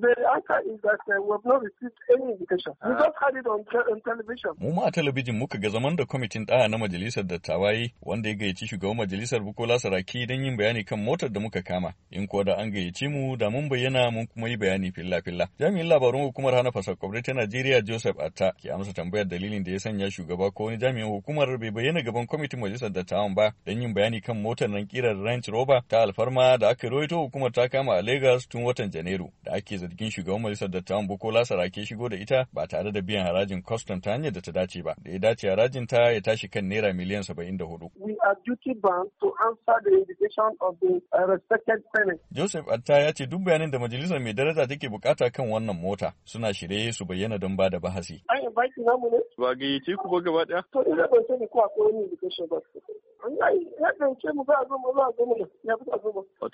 the uh, answer ah. Mu ma a talabijin muka ga zaman da kwamitin ɗaya na majalisar dattawa yi wanda ya gayyaci shugaban majalisar Bukola Saraki don yin bayani kan motar da muka kama. In kuwa da an gayyaci mu da mun bayyana mun kuma yi bayani filla-filla. Jami'in labarun hukumar hana fasakwabre ta Najeriya Joseph Atta ke amsa tambayar dalilin da ya sanya shugaba ko wani jami'in hukumar bai bayyana gaban kwamitin majalisar dattawan ba don yin bayani kan motar nan kirar Range Rover ta alfarma da aka rawaito hukumar ta kama a Lagos tun watan Janairu da ake zargin shugaban majalisar dattawan Bukola Sarake shigo da ita ba tare da biyan harajin custom ta hanyar da ta dace ba. Da ya dace harajin ta ya tashi kan naira miliyan saba'in da hudu. We are duty bound to answer the invitation of the uh, respected Senate. Joseph Atta ya ce duk bayanin da majalisar mai daraja take bukata kan wannan mota suna shirye su bayyana don ba da bahasi. An invite ne? Ba gayyace ku ba gaba ɗaya. To ina ban sani ko akwai wani invitation ba. An yi ce mu za a zo mu za a zo mu ya fi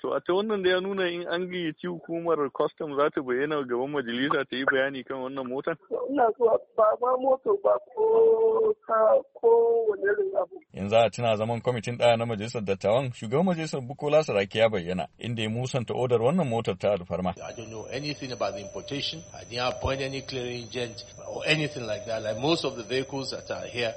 wato a ta wannan da ya nuna in an gayyaci hukumar custom za ta bayyana gaban majalisa ta yi bayani kan wannan motar? Ina so ba ma motar ba ko ta ko wani abu. Yanzu a tuna zaman kwamitin ɗaya na majalisar dattawan shugaban majalisar Bukola Saraki ya bayyana inda ya musanta odar wannan motar ta alfarma. I don't know anything about the importation. I didn't appoint any clearing agent or anything like that. Like most of the vehicles that are here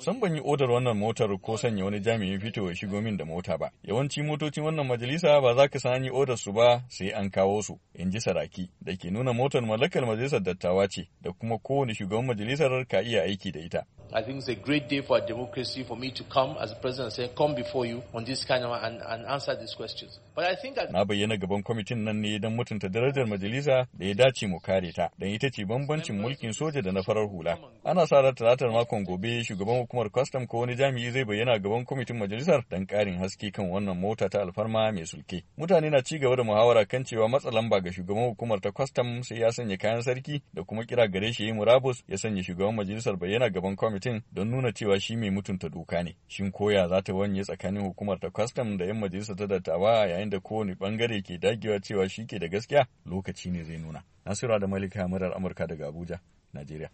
sun ban yi odar wannan motar ko sanya wani jami'in fito ya shigo min da mota ba. Yawanci motocin wannan majalisa ba za ka san yi odar su ba sai an kawo su, in ji Saraki, da ke nuna motar mallakar majalisar dattawa ce da kuma kowane shugaban majalisar ka iya aiki da ita. I think it's a great day for democracy for me to come as a president and say, come before you on this kind of and, and answer these questions. But I think na bayyana gaban kwamitin nan ne don mutunta darajar majalisa da ya dace mu kare ta don ita ce bambancin mulkin soja da na farar hula. Ana sa ran talatar makon gobe shugaban hukumar custom ko wani jami'i zai bayyana gaban kwamitin majalisar don karin haske kan wannan mota ta alfarma mai sulke. Mutane na ci gaba da muhawara kan cewa matsa lamba ga shugaban hukumar ta custom sai ya sanya kayan sarki da kuma kira gare shi ya murabus ya sanya shugaban majalisar bayyana gaban kwamitin kwamitin don nuna cewa shi mai mutunta doka ne. Shin koya za ta wanye tsakanin hukumar ta kwastam da 'yan majalisa ta dattawa yayin da kowane bangare ke dagewa cewa shi ke da gaskiya lokaci ne zai nuna. nasira da Malika Murar Amurka daga Abuja, Najeriya.